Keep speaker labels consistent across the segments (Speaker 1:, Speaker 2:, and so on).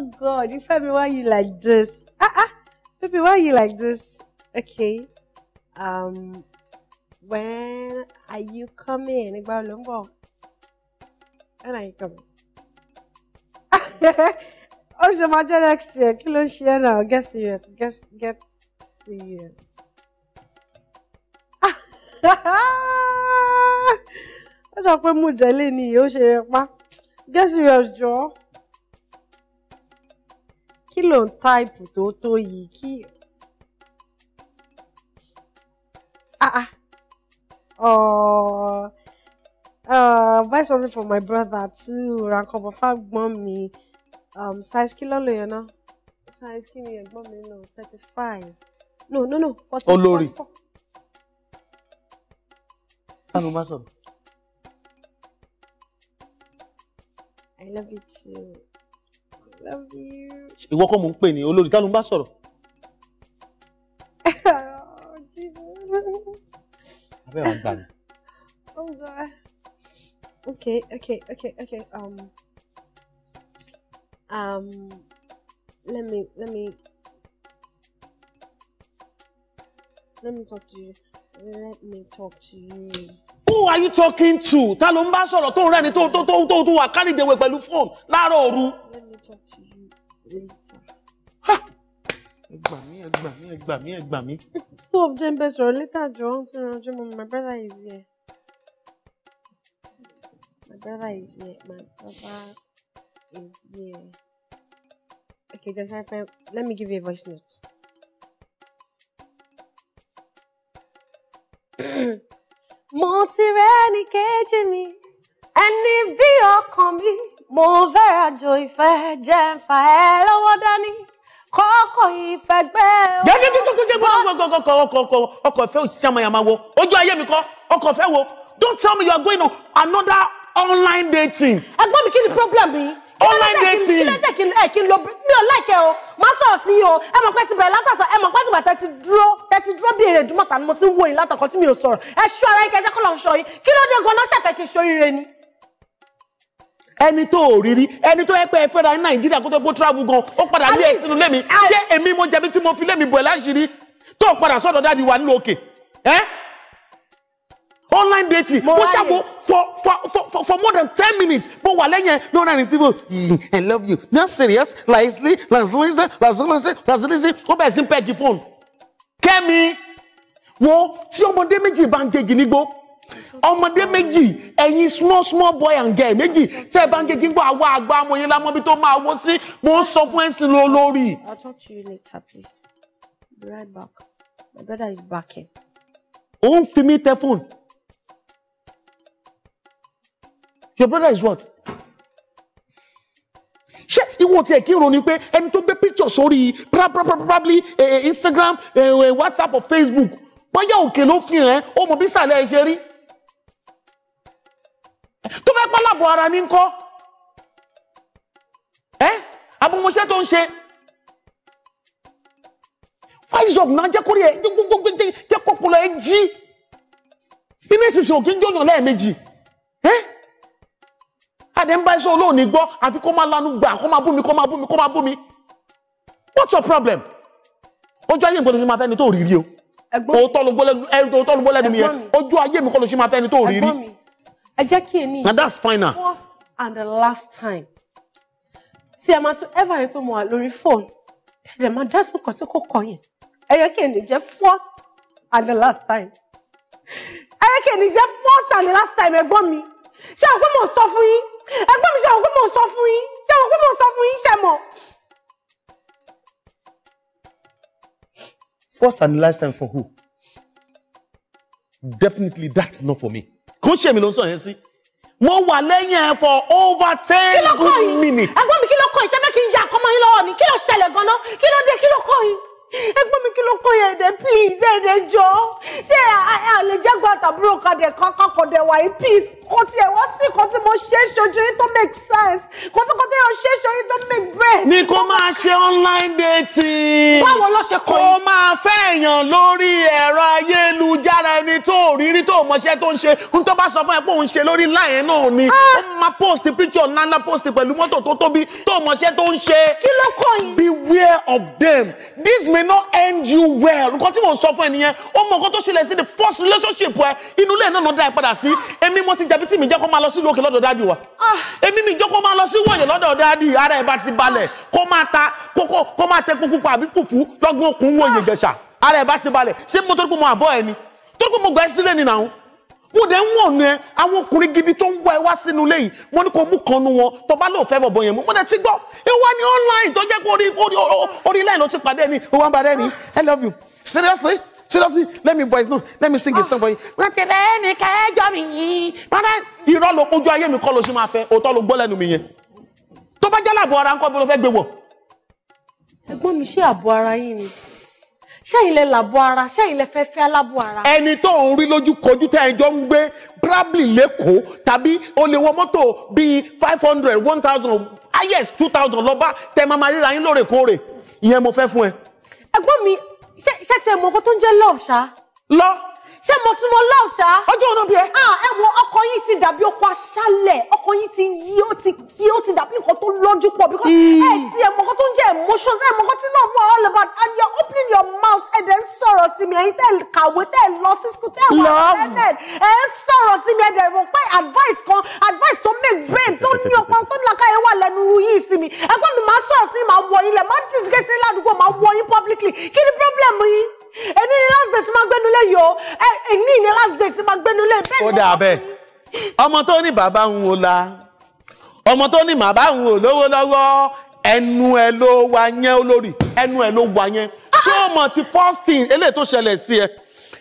Speaker 1: Oh God, me why you like this? Ah ah, baby, why you like this? Okay. Um, when are you coming? Nígbà ló ń bọ̀. When are you coming? Oh, ṣe máa jẹ́ next year. Kí ló ń ṣe ẹ́ náà? Get serious. Get get serious. ha ha! I don't want to ní ìyó ṣe pa. Get serious jọ̀ọ́ kí ló ń táìpù tó tó yìí kí. Ah, ah. buy something for my brother too ra nǹkan bọ̀ fágbọ́n mi um, size kí lọ́lọ́ yẹn náà size kí ni ẹ̀gbọ́n mi náà thirty five no no no forty four. olórí tánu bá sọ̀rọ̀. I love you too love you.
Speaker 2: ìwọ kọ́ mò ń pè ní olórí tá ló ń bá sọ̀rọ̀.
Speaker 1: Oh,
Speaker 2: abẹ́ wọn gbà mí. oh
Speaker 1: god okay okay okay okay um um let me let me let me talk to you let me talk to you.
Speaker 2: Who are you talking to? Ta ló ń bá sọ̀rọ̀ tó ń rẹ́ni tó tó tó tó wà kárìdéwé pẹ̀lú fóònù láàárọ̀ òru talk to you later. ẹ gbà mí ẹ gbà
Speaker 1: stop jẹ́ ń later John. ń my brother is here. my brother is here my brother is here. okay just let me give you a voice note. mo ti rẹ́ ní kejì mi ẹni bí ọkàn mi àjò
Speaker 2: ìfẹ́ jẹ́ ń fa ẹ lọ́wọ́ dání kọ́kọ́ ìfẹ́ gbé o. jẹ́jẹ́ tó tó tó jẹ́ gbọ́dọ̀ ọkọ̀ ọkọ̀ ìfẹ́ òṣìṣẹ́ mayama wo ojú ayé mi kọ́ ọkọ̀ ìfẹ́ wo don't tell me you are going on another online dating. ẹ̀gbọ́n mi kí ni problem mi
Speaker 1: online dating. kí ló dé kí ló dé kí ló mi ò láìkẹ́ o máa sọ̀rọ̀ sí i o ẹ mọ̀ pé ti bẹ̀rẹ̀ látàtọ̀ ẹ mọ̀ pé ti bẹ̀rẹ̀ tẹ́tí dúró tẹ́tí dúró bí èrè dúmọ̀tà ni mo ti ń wo yín látàkọ́ tí mi ò sọ̀rọ̀ ẹ ṣọ́ ara yín kẹjẹ́ kọ́ lọ́n ṣọ́
Speaker 2: yín kí ló dé gan-an ṣẹ̀fẹ̀ kí n ṣoríire ni ẹni tó ò rí rí ẹni tó yẹ pé ẹ fẹ́ra ní nàìjíríà kó tó gbó travel gan ó padà lé ẹsìn lé mi ṣé èmi mo jẹ̀bi tí mo fi lé mi bọ̀ ẹ́ láṣìírí tó padà sọ́dọ̀ dáàdi wa nílò òkè ẹ́ online dating mo ṣàwọ for for for for more than ten minutes mo wà lẹ́yìn no na receive i love you no serious laisli lasilise lasilise lasilise ó bẹ̀rẹ̀ sí pẹ́ẹ́kì fóònù kẹ́mi wo tí ọmọdé méjì bá ń gegi nígbó ọmọdé méjì ẹ̀yin small small boy and girl méjì tẹ́ ẹ bá ń gé gígbó àwa àgbà ọmọ yẹn lámọ́bí tó máa wó sí mo ń sọ fún ẹ̀sìn lọ lórí.
Speaker 1: I'll talk to you later, please. Be right back. My brother is
Speaker 2: back here. ó ń fi mí tẹ fóònù. Your brother is what? ṣé ìwọ tiẹ̀ kí n ronú pé ẹni tó gbé picture sórí probably eh, eh, Instagram eh, WhatsApp or Facebook bóyá òkè ló fi hàn ẹ́ ó mọ bí sàlẹ̀ ẹ ṣe rí fẹ́ pálábọ̀ ara ní ńkọ́ ẹ́ abọmọṣẹ́ tó ń ṣe wise náà jẹ́ kórè ẹ̀ gbogbo jẹ́ kọ́pọ̀lọ́ ẹ̀ jí inú ìsinsìn òkè ń jọyàn lẹ́ẹ̀mejì ẹ́ àdé ń bá iṣẹ́ olóòní gbọ́ àfi kó máa lanu gbà kó máa bú kó máa bú kó máa bú what's your problem ojú ayé nǹkan ló ṣe máa fẹ́ ni tó rí rí o òótọ́ ló gbọ́ lẹ́nu mi yẹn ojú ayé mi kọ́ ló ṣe máa fẹ́ ni tó rí rí
Speaker 1: ẹ that's final first and the last time tí ẹ máa tún ever rí pé mo wà lórí fóònù ẹ máa dá sùn kan tí kò kọ yẹn ẹ jẹ́ kí èmi jẹ́ first and the last time ẹ jẹ́ kí èmi jẹ́ first and the last time ẹ̀gbọ́n mi ṣé àwọn pé mo sọ fún yín ẹ̀gbọ́n mi ṣé àwọn pé mo sọ fún yín ṣé àwọn pé mo sọ fún yín ṣé mọ̀.
Speaker 2: First and last time for who? Definitely that's not for me kò ṣe èmi ló ń sọ yẹn sí mo wà lẹ́yìn ẹ for over ten good minutes. ẹ̀gbọ́n mi kí ló kọ́ yìí ṣẹ́fẹ́ kí n ya àkọ́mọ yín lọ́wọ́ ni kí ló ṣẹlẹ̀ gan-an kí ló dé kí ló kọ́ yìí ẹ̀gbọ́n mi
Speaker 1: kí ló kọ́ yẹn ẹ̀dẹ̀ please ẹ̀dẹ̀ jọ ṣé àlè jẹ́gbọ́n àtàbúrò kadẹ̀ kankan kò dẹ̀ wà yìí please kò tiẹ̀ wọ́n sí kò tí mo ṣe é ṣojú yín tó make sense kò tí kò tí yóò
Speaker 2: ṣe é ṣojú yín tó make bread. ni kò máa ṣe online dating. báwo ló ṣe kọ́ yìí. kò máa fẹ́ èèyàn lórí ẹ̀rọ ayélujára ẹni tó ò tó mọṣẹ́ tó ń ṣe ń tó bá sọ fún ẹ pé òun ṣe lórí láyẹn náà ni ah! ó máa post picture nana post pẹ̀lú mọ́tò tó tóbi tó mọṣẹ́ tó ń ṣe. kí ló kọ yìí. beware of them this may not end you well nǹkan tí mò ń sọ fún ẹ nìyẹn ó mọ nǹkan tó ṣẹlẹ̀ sí the first relationship ẹ inú ilé náà náà dá ẹ padà sí èmi mo ti jẹ̀bi tí mi jẹ́ kó máa lọ sí lókè lọ́dọ̀ dáàdì wa ah! èmi mi jẹ́ kó máa lọ sí wọ̀nyẹ̀ lọ́dọ̀ dáàdì ara ẹ̀ bá ti balẹ̀ ah! kó máa ta kó máa tẹ pupa àbí pupu lọ́gbọ́n òkun wọ̀nyẹ̀ jẹ̀ṣà ara ẹ̀ bá ti balẹ̀ ṣé mo tó dúpọ̀ mọ́ àbọ̀ ẹni torí pé mo gba ẹsílẹ̀ nínú àwọn mo dẹ̀ ń wọ̀n ẹ àwọn ọkùnrin gidi tó ń wá ẹ wá sínú ilé yìí mo ní kó mú kan nu wọn tó bá lóò fẹ́ bọ̀bọ̀ yẹn mú mo dẹ̀ ti gbọ́ ẹ wá online tó jẹ́ pé orí orí line ló ti pàdé mi ó ń padà mi I love you seriously seriously let me voice no let me sing a song for you. wọ́n ti rẹ́ ní kẹ́jọ́ mi yìí. bàbá irọ́ ló ojú ayé mi kọ́ ló ṣe máa fẹ́ òótọ́ ló gbọ́ lẹ́nu mi yẹn tó bá jálà àbọ̀ ara ńkọ́ bí
Speaker 1: ṣẹ́yìn lẹ làbọ̀ ara ṣẹ́yìn lẹ fẹ́ fẹ́ alábọ̀ ara.
Speaker 2: ẹni tó ń rí lójú kojú tẹ́ ẹ jọ ń gbé brabli lẹ́kọ̀ọ́ tàbí o lè wọ mọ́tò bíi five hundred one thousand highest two thousand lọ́ba tẹ́ máa máa ríra yín lóòrèkóòrè ìyẹn mo fẹ́ fún ẹ. ẹ̀gbọ́n mi ṣé ṣé tí ẹ mọ ọkọ tó ń jẹ́ love ṣá. lọ ṣé mo tún mo love ṣá. ọjọ́ ọ̀nà bí ẹ. ẹ
Speaker 1: wo ọkọ yìí ti dàbí ọkọ aṣálẹ̀ ọkọ yìí ti yí ó ti kí ó ti dàbí nǹkan tó lọ́jú pọ̀ because hmm. ẹ ti ẹ̀ mọ̀kọ́ tó ń jẹ́ emotions ẹ̀ mọ̀kọ́ tí love wà all about and you're opening your mouth ẹ̀ dẹ̀ ń sọ̀rọ̀ sí mi ẹ̀yin tẹ̀ kàwé tẹ̀ lọ sí school tẹ̀ wà ẹ̀ ẹ̀ ń sọ̀rọ̀ sí mi ẹ̀ dẹ̀ mọ̀ pé advice kan advice tó make brain tó ní ọpọ́n tó ní làkàyè wà lẹ́nu yìí sí mi ẹ̀gbọ́n mi máa sọ̀rọ̀ sí mi máa wọ ilẹ̀ máa jìjìgẹ́ sí ládùúgbò máa wọ yín publicly kí ni problem
Speaker 2: yìí ẹni ni last date máa gbẹnu lé yìí o èmi ni last date máa gbẹnu lé bẹ́ẹ̀ ni. ó dà bẹ́ẹ̀ ọmọ tó ní bàbá ń wo la ọmọ tó ní bàbá ń wo lówó lọ́wọ́ ẹnu ẹ ló wà yẹn olórí ẹnu ẹ ló wà yẹn ṣé o mọ̀ ti first thing eléyìí tó ṣẹlẹ̀ sí ẹ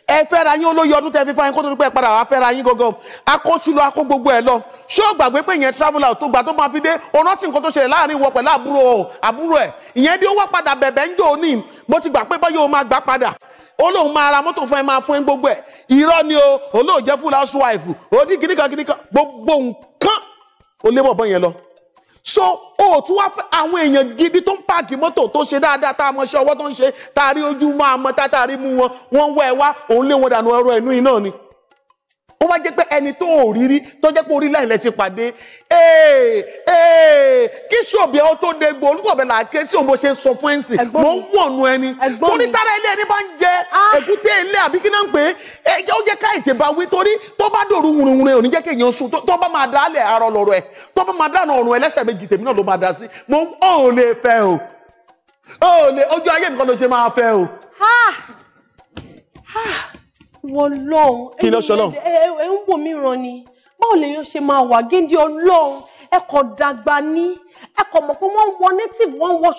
Speaker 2: ẹ fẹ́ra yín olóyè ọdún tẹ́ fi fara yín kó tó dúpẹ́ padà wá fẹ́ra yín gangan akóṣùlọ akó gbogbo ẹ̀ lọ ṣé o gbàgbé pé ìyẹn travel tó gbà tó máa fi dé ọ̀nà tí nǹkan tó ṣẹlẹ̀ láàrin wọ pẹ̀lú àbúrò ẹ̀ ìyẹn bí ó wá padà bẹ̀bẹ̀ ń jò ní mo ti gbà pé báyọ̀ máa gbà padà ó máa ra mọ́tò fún ẹ máa fún ẹ gbogbo ẹ̀ irọ́ ni o olóòjẹ́ fúnra ṣùwàìfù òdì kìnnìkan kìnnìkan gbogbo nǹkan ó lé bọ̀bọ̀ yẹn lọ. so o tún wá fẹ́ àwọn èèyàn gidi tó ń páàkì mọ́tò tó ṣe dáadáa tá a mọ̀ ṣe ọwọ́ tó ń ṣe tá a rí ojú máa mọ tá a rí mú wọn wọ́n wá ẹ wá òun lé wọn dànù ọrọ̀ ẹ̀nú iná ni ó wá jẹ́ pé ẹni tó ò rí rí tó jẹ́ pé orí láì lẹ́ ti pàdé ee ee kí ṣòbí ọ tó de gbò olùkọ́ bẹ̀rẹ̀ àké sí òun bó ṣe sọ fún ẹ̀sìn mò ń wọ̀nù ẹni torí tára ilé ẹni bá ń jẹ ah. èkúté ilé àbí kí náà ń pè é ó jẹ́ ká ètè bá wí torí tó bá dòru wùrùwùrù ò ní jẹ́ kéèyàn sùn tó bá máa dá alẹ̀ arọ lọ́rọ̀ ẹ̀ tó bá máa dáná ọ̀rùn ẹlẹ́sẹ̀ méjì tèmi náà ló máa dá sí mò ń ò lè fẹ́ o ò lè ojú ayé nǹkan ló ṣe máa fẹ́ o
Speaker 1: Ọlọ́run. kí ló ṣọlọ́run. ẹ ń wò mí ràn ni báwo lèèyàn ṣe máa wà géńdé Ọlọ́run ẹ kò dàgbà ní ẹ kò mọ̀ pé wọ́n wọ native wọ́n wọ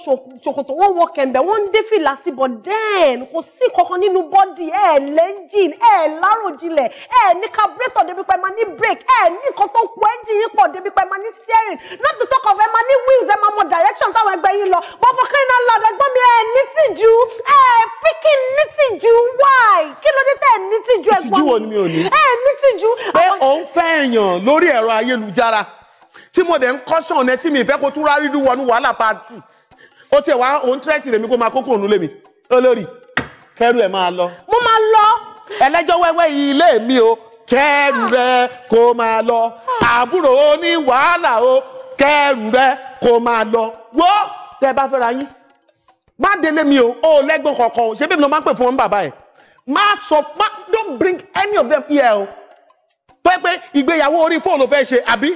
Speaker 1: ṣòkòtò wọ́n wọ kẹ̀m̀bẹ̀ wọ́n ń dé fìlà sí bọ̀ dẹ́n kò sí kankan nínú bọ́dì ẹ̀ lẹ́ńjìn ẹ̀ láròjinlẹ̀ ẹ̀ ní carburetor débi pé máa ní brake ẹ̀ ní nǹkan tó kú ẹ́ńjìn yín pọ̀ débi pé máa ní steering not to talk of ẹ máa ní wheels ẹ máa mọ direction táwọn ẹgbẹ́ yín lọ but for kind of loud ẹgbọ́n mi ẹ̀ ní ò ní mi ò ní. ẹ mi ti ju.
Speaker 2: pé òun fẹ́ èèyàn lórí ẹ̀rọ ayélujára tí mo dẹ̀ ń kọ́sàn ọ̀nà tí mi ìfẹ́ kó tún rárí dùn wọnú wàhálà part two ó tiẹ̀ wá òun tírẹ́tì rèmi kó máa kókó òun lé mi olórí kẹrù ẹ̀ máa lọ. mo máa lọ. ẹlẹ́jọ́ wẹ́wẹ́ ilé mi o kẹrù rẹ kó máa lọ àbúrò oní wàhálà o kẹrù rẹ kó máa lọ wo tẹ bá fẹ́ra yín má délé mi o ò lẹ́gbọ̀n kọ̀ọ̀kan ṣé bẹ́ẹ̀ ni wọ́n máa ń pè fún wọn bàbá ẹ̀ má sọ má don't bring any of them here o tó yẹ pé ìgbéyàwó orí fóònù fẹ́ ṣe àbí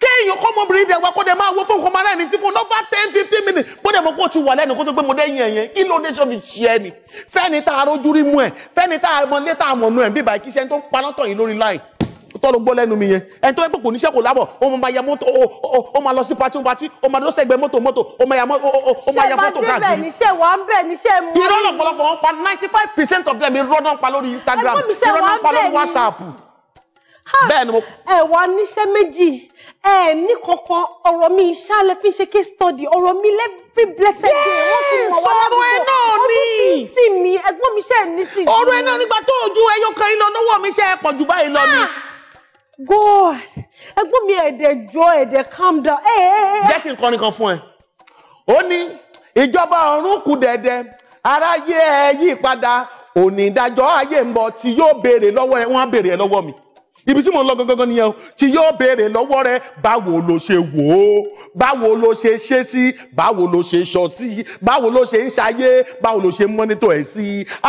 Speaker 2: kéèyàn kọ́ mọ́bìnrin dẹ̀ wá kó dẹ̀ máa wo fóònù kọ́ máa láì ní sí fóònù over ten fifteen minutes bó dẹ̀ mọ̀ pé ó ti wà lẹ́nu kó tó gbé mo dé yẹn yẹn kí ló dé sọ fi ṣe ẹni fẹ́ni tá a rojú rí mú ẹ fẹ́ni tá a mọ létà àmọ̀nù ẹ̀ bíbá ìkíṣẹ́ tó ń paná tọ̀ yìí lórí line tọ́nu gbọ́ lẹ́nu mi yẹn ẹni tó fẹ́ pé kò níṣẹ́ kò lábọ̀ ó máa ya mọ́tò ó máa lọ sí patí patí ó máa lọ sẹ́gbẹ́ mọ́tò mọ́tò ó máa ya fọ́tò káàkiri. ṣé wàá bẹ̀ ní ṣé mú. irọ́ lọ́pọ̀lọpọ̀ wọn pa ninety five percent of them irọ́ náà pa lórí Instagram irọ́ náà pa lórí WhatsApp
Speaker 1: bẹ́ẹ̀ ni mo. ẹ wà níṣẹ́ méjì ẹ ní kankan ọ̀rọ̀ mi ìṣàlẹ̀ fi ń ṣe case study ọ̀rọ̀ mi lẹ́bí blessed day wọ́n ti mọ̀ wá ládùúgbò ọ̀rọ̀ ẹ náà ni ọdún tí mi
Speaker 2: ẹ̀gbọ́n mi ṣe ní tì. ọ̀rọ̀ ẹ náà nígbà tó ojú ẹyọ kan iná lọ́wọ́ mi ṣe é pọ̀ báyìí lọ ni.
Speaker 1: God ẹ̀gbọ́n mi ẹdẹ jọ ẹdẹ calm down.
Speaker 2: jẹ́ kí n kọrin kan fún ẹ ó ní ìjọba ọ̀run kù dẹ̀dẹ̀ aráyé ẹ yí padà onídàájọ́ ayé ń bọ̀ tí yóò béèrè lọ́wọ́ ẹ wọ́n á béèrè ẹ lọ́wọ́ mi ibi tí mo ń lọ gangan nìyẹn o tí yóò béèrè lọ́wọ́ rẹ báwo ló ṣe wò ó báwo ló ṣe ṣe sí báwo ló ṣe sọ sí báwo ló ṣe ń ṣayé báwo ló ṣe ń mọ́nítọ̀ ẹ̀ sí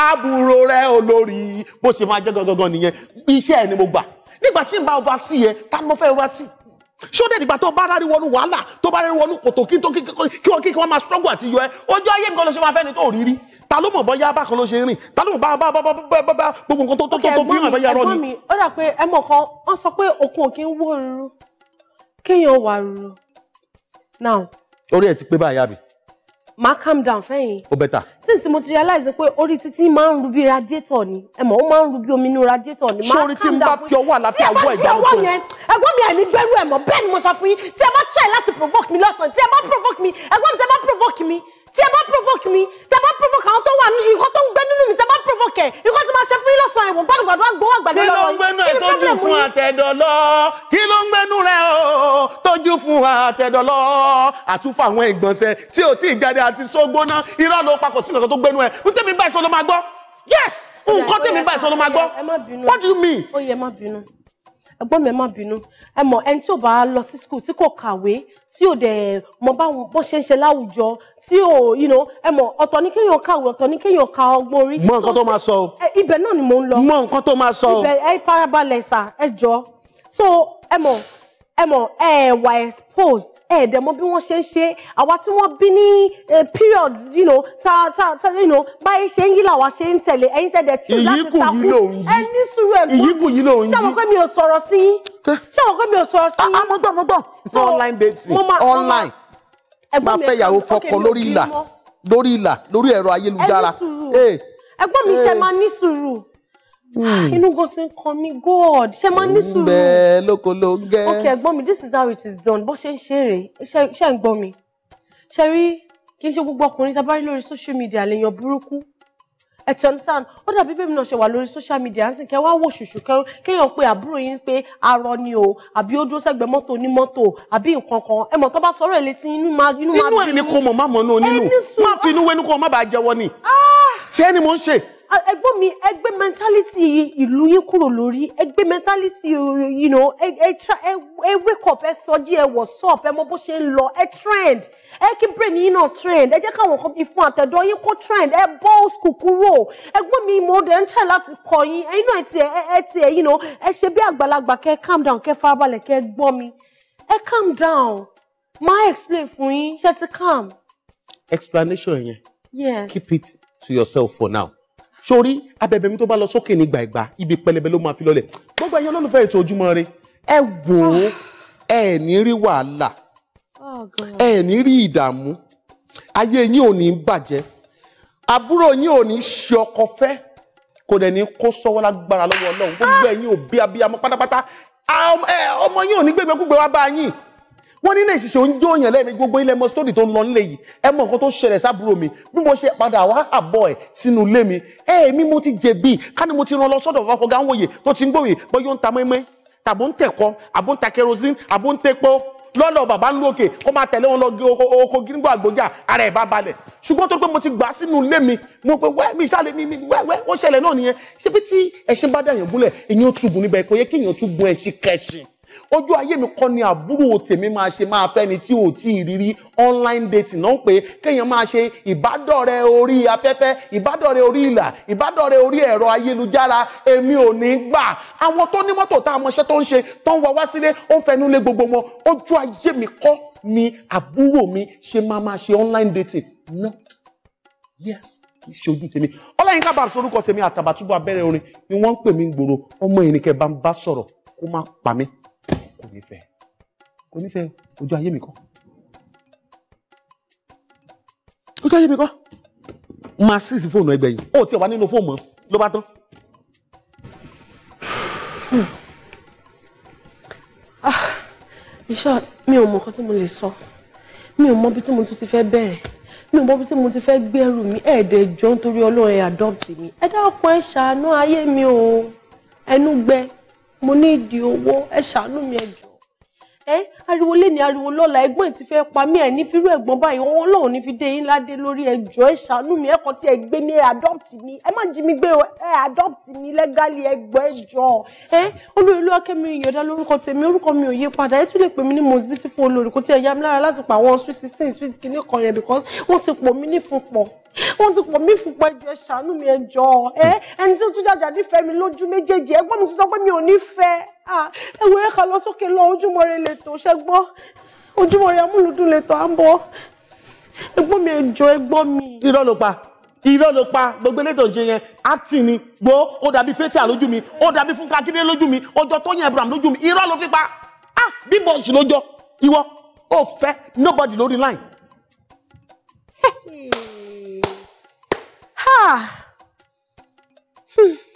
Speaker 2: àbúrò rẹ olórí bó ṣe máa jẹ́ gangan nìyẹn iṣẹ́ ẹ̀ ni mo gbà nígbà tí n bá ọba sí yẹ ta ni mo fẹ́ ọba sí ṣódẹ̀ ìgbà tó bá rárí wọnú wàhálà tó bá rárí wọnú kòtò kí wọ́n kí wọ́n máa struggle àti yọ ẹ́ ojú ayé nǹkan ló ṣe máa fẹ́ ni tó rí rí ta ló mọ̀ bọ́yá bákan ló ṣe rìn ta ló mọ̀ bá bá bá bá bá bá gbogbo nǹkan tó tó tó fi hàn bọ́yá rọ ni.
Speaker 1: ó dà pé ẹ mọ̀ kan wọ́n sọ pé òkun ò kí ń wó ruru kéèyàn wà ruru now.
Speaker 2: orí ẹ ti pé báyà bí.
Speaker 1: Ma, calm down fẹ́yìn. ó bẹ́tà. since mo ti realize pé orí títí máa ń rubí radiator ni ẹ mọ̀ ó máa ń rubí omi inú radiator ni. ṣé orí tí n bá fi ọwọ́ àlàáfíà wọ ìgbà ló tó yẹn. ẹ̀gbọ́n mi àìní gbẹ́rú ẹ̀ mọ̀ bẹ́ẹ̀ ni mo sọ fún yín tí ẹ bá try láti provoke mi lọ́sàn-án tí ẹ bá provoke mi ẹ̀gbọ́n mi tí ẹ bá provoke mi tí ẹ bá provoke mi tí ẹ bá provoke àwọn tó wà ní ìkọ́ tó ń gbé nínú
Speaker 2: mi tí ẹ bá provoke ẹ̀ ìkọ́ tó máa ṣe fún yín lọ́sàn-án ẹ̀wọ̀n gbàdúgbàdú àgbọ̀wọ́ àgbàdo lọ́wọ́ kí ni problem mi. kí ló ń gbẹ́nu ẹ̀ tó jù àtúnwá àtẹ̀dọ̀lọ́ àtúnfà àwọn ìgbọ̀nsẹ̀ tí ò tí ì jáde àti sógbóná irọ́ ló pakọ̀ sí nǹkan tó gbénu ẹ̀ ń tẹ́mi báyìí sọ ló máa gbọ́ yes nǹkan tẹ́mi báyìí sọ ló máa gbọ́
Speaker 1: what do you mean. ó yẹ má bínú ẹ̀gbọ́n mi ẹ má bínú ẹ mọ̀ ẹni tí ò bá lọ sí skul tí kò kàwé tí ò dẹ̀ mọ̀ báwọn bó ṣe ń ṣe láwùjọ tí ò ẹ mọ̀ ọ̀tọ̀ ní kéèyàn kàwé ọ̀tọ̀ ní kéèyàn ka ọgbọ́n orí. mọ̀ nǹkan tó máa sọ o.
Speaker 2: náà ni mò ń lọ. mọ̀ nǹkan tó máa sọ o.
Speaker 1: ẹ farabalẹ̀ sà ẹ jọ so ẹ mọ̀ ẹ mọ̀ ẹ wà exposed ẹ dẹ̀ mọ̀ bí wọ́n ṣe ń ṣe àwa tí wọ́n bí ní eh, period you know ta ta ta you know báyé ṣe ń yí làwa ṣe ń tẹ̀lé ẹ̀yin tẹ̀lé tí láti ta kú ẹ ní sùúrù ẹ̀ kú ìyíkù yìí lòun yí ṣé àwọn pé mi ò sọ̀rọ̀ sí yín ṣé àwọn pé mi ò sọ̀rọ̀ sí yín. àmọ́ gbọ́ mọ́ gbọ́ it's online dating online
Speaker 2: máa fẹ́ ìyàwó fọkọ lórí ìlà lórí ìlà lórí ẹ̀rọ ayélujára eh.
Speaker 1: ẹ̀gbọ́n mi ṣe eh. máa ní sùúrù Hmm. inú gan ti ń kan mí god ṣe máa ní sùúrù bẹ́ẹ̀
Speaker 2: lóko ló ń gẹ́. ok
Speaker 1: ẹ̀gbọ́n mi this is how it is done bó ṣe ń ṣe rèé ṣe ń gbọ́ mi ṣe rí kì í ṣe gbogbo ọkùnrin tá a bá rí lórí social media lèèyàn burúkú ẹ ti understand ó dàbí bẹ́ẹ̀ mi náà ṣe wà lórí social media ǹsìn kẹ́ wá wò ṣùṣù kéèyàn pé àbúrò yín pé arọ ni o àbí ó dúró sẹ́gbẹ̀ẹ́ mọ́tò onímọ́tò àbí nǹkan kan ẹ mọ̀ tó bá sọ̀rọ̀ èlé tí inú máa inú máa bí inú ẹ̀ ní kò mọ̀ má mọ̀ náà nínú má fi inú
Speaker 2: wẹ́nu kò má bàa jẹ́wọ́ ni
Speaker 1: ah! tí ẹni mò ń ṣe ẹgbọ́n mi ẹgbẹ́ mentality ìlú yín kúrò lórí ẹgbẹ́ mentality you know ẹ wake up ẹ sọjí ẹ WhatsApp ẹ mọ bó ṣe ń lọ ẹ trend ẹ kí brain yín náà trend ẹ jẹ́ káwọn kan ìfun àtẹ̀dọ̀ yín kó trend ẹ bọ́ òsùkù kúrò ẹgbọ́n mi mo dẹ̀ ń try láti kọ yín ẹ̀yin náà ẹ tiẹ̀ ẹ tiẹ̀ you know ẹ ṣe bí àgbàlagbà kẹ calm down kẹ farabalẹ̀ kẹ gbọ́ mi ẹ calm down máa explain fún yín ṣe ti calm.
Speaker 2: explanation yẹn yes. keep it to yourself for now sórí abẹ̀bẹ̀ mi tó bá lọ sókè ní gbàgbà ibi pẹlẹbẹ ló máa fi lọlẹ̀ gbogbo ẹ̀yin olólùfẹ́ ètò Ojúmọ́ Ire ẹ wò ó ẹ ní rí wàhálà oh, ẹ ní rí ìdààmú ayé yín ò ní bàjẹ́ àbúrò yín ò ní ṣe ọkọ fẹ́ kò dẹ̀ ní kó sọ́wọ́ lágbára lọ́wọ́ Ọlọ́run gbogbo ah! ẹ̀yin òbí abiyamọ pátápátá ọmọ yín ò ní gbégbé kúgbé wá bá yín wọ́n nílé ìṣiṣẹ́ oúnjẹ òyìn lẹ́mi gbogbo ilé mọ sítórì tó ń lọ nílé yìí ẹ mọ nǹkan tó ṣẹlẹ̀ sábúrò mi bí mo ṣe padà wá àbọ̀ ẹ̀ sínú ilé mi ẹ̀ẹ́mí mo ti jẹ̀bi ká ní mo ti rán lọ sọ́dọ̀ fọgá ń wòye tó ti ń gbòòyè bọ́yọ́ ń ta mẹ́mẹ́ tàbó ń tẹ̀kọ́ àbó ń ta kerosene àbó ń tepo lọ́lọ́ bàbá ń lókè kó máa tẹ̀lé wọn lọ oko gírígbó àgbójà ara ẹ̀ bá balẹ̀ ṣùgbọ́n tó pé mo ti gbà sínú ilé mi mo pe wẹ́ẹ́ mi ìṣàlẹ̀ mi mi wẹ́ẹ́ ó ṣẹlẹ̀ náà nìyẹn ṣé bí tí ẹṣin bá dàyàn gúnlẹ̀ èyí ó túbù níbẹ̀ kò yẹ kí èèyàn túbù ẹṣin kẹṣin ojú ayé mi kọ́ ni àbúrò tèmi máa ṣe máa fẹ́ ni tí ò tí ì rírí online dating náà ń pè é kéèyàn máa ṣe ìbádọ́rẹ̀ orí afẹ́fẹ́ ìbádọ́rẹ̀ orí ìlà ìbádọ́rẹ̀ orí ẹ̀rọ ayélujára èmi ò ní gbà àwọn tó ní mọ́tò tá a mọṣẹ́ tó ń ṣe tó ń wá wá sílé ó ń fẹnu lé gbogbo wọn ojú ayé mi kọ́ ni àbúrò mi ṣe máa máa ṣe online dating not yes ìṣojú tèmi ọláyínká bá sorúkọ tèmi àtàbàtúbú abẹ́rẹ́ orin ni wọ́n ń pè mí gbòòrò ọmọ ìrìnkẹ́ bá ń bá sọ̀rọ̀ kó má pa mí nífẹ̀ẹ́ kò nífẹ̀ẹ́ ojú ayé mi kọ́ ojú ayé mi kọ́ máa sì sí fóònù ẹgbẹ́ yìí ó ti wà nínú fóònù ló bá tán.
Speaker 1: Ah, iṣẹ́ mi ò mọ nǹkan tí mo lè sọ mi ò mọ ibi tí mo ti fẹ́ bẹ̀rẹ̀ mi ò mọ ibi tí mo ti fẹ́ gbẹ́rù mi ẹ̀ẹ́dẹ̀ jọ nítorí ọlọ́run ẹ̀ adopt mi ẹ dákun ẹ ṣàánú ayé mi o ẹnu gbẹ mo ní ìdí owó ẹ ṣàánú mi ẹ jọ ẹ ariwo lẹ́ni ariwo lọ́la ẹ̀gbọ́n ti fẹ́ pa mí ẹ̀ ní fírú ẹ̀gbọ́n báyìí wọn Ọlọ́run ní fi dé yín ládé lórí ẹjọ́ ẹ ṣàánú mi ẹ̀kọ́ tí ẹ gbé mi ẹ adopt mi ẹ má jí mi gbé o ẹ adopt mi legally ẹgbọ́ ẹjọ́ ẹ olórí olúwa Kẹ́mi Ìyàndá lórúkọ tèmi orúkọ mi ò yí padà ẹ tún lè pè mí ní most beautiful olórí kò tí ẹ yá mi lára láti pa àwọn sweet sixteen sweet kìíní kan yẹn because wọ́n ti pọ̀ mí ní fún pọ̀ wọ́n ti pọ̀ mí fúnpọ̀ ẹjọ́ ṣàánú mi ẹjọ́ ẹ ẹni tí ó tún jàjà nífẹ̀ẹ́ mi lójú méjèèjì ẹ̀gbọ́n mi ti sọ pé mi ò ní fẹ́ ẹ wọ ẹ kà lọ sókè lọ Ojúmọ́ Ire lè ètò ṣẹ́gbọ́ ojúmọ́ rẹ amúlùdún lè tọ́ à ń bọ̀
Speaker 2: ẹgbọ́n mi ẹjọ́ ẹgbọ́n mi. irọ́ ló pa irọ́ ló pa gbogbo elétò ṣe yẹn acting ni gbọ́ ó dàbí fatia lójú mi ó dàbí fúnkẹ́ akíndé lójú mi ó jọ tóyìn abraham lójú mi irọ́ ló fi pa ah bímbọ oṣù ló jọ ìwọ ò fẹ́ nobody lórí line.
Speaker 1: ha. Hmm.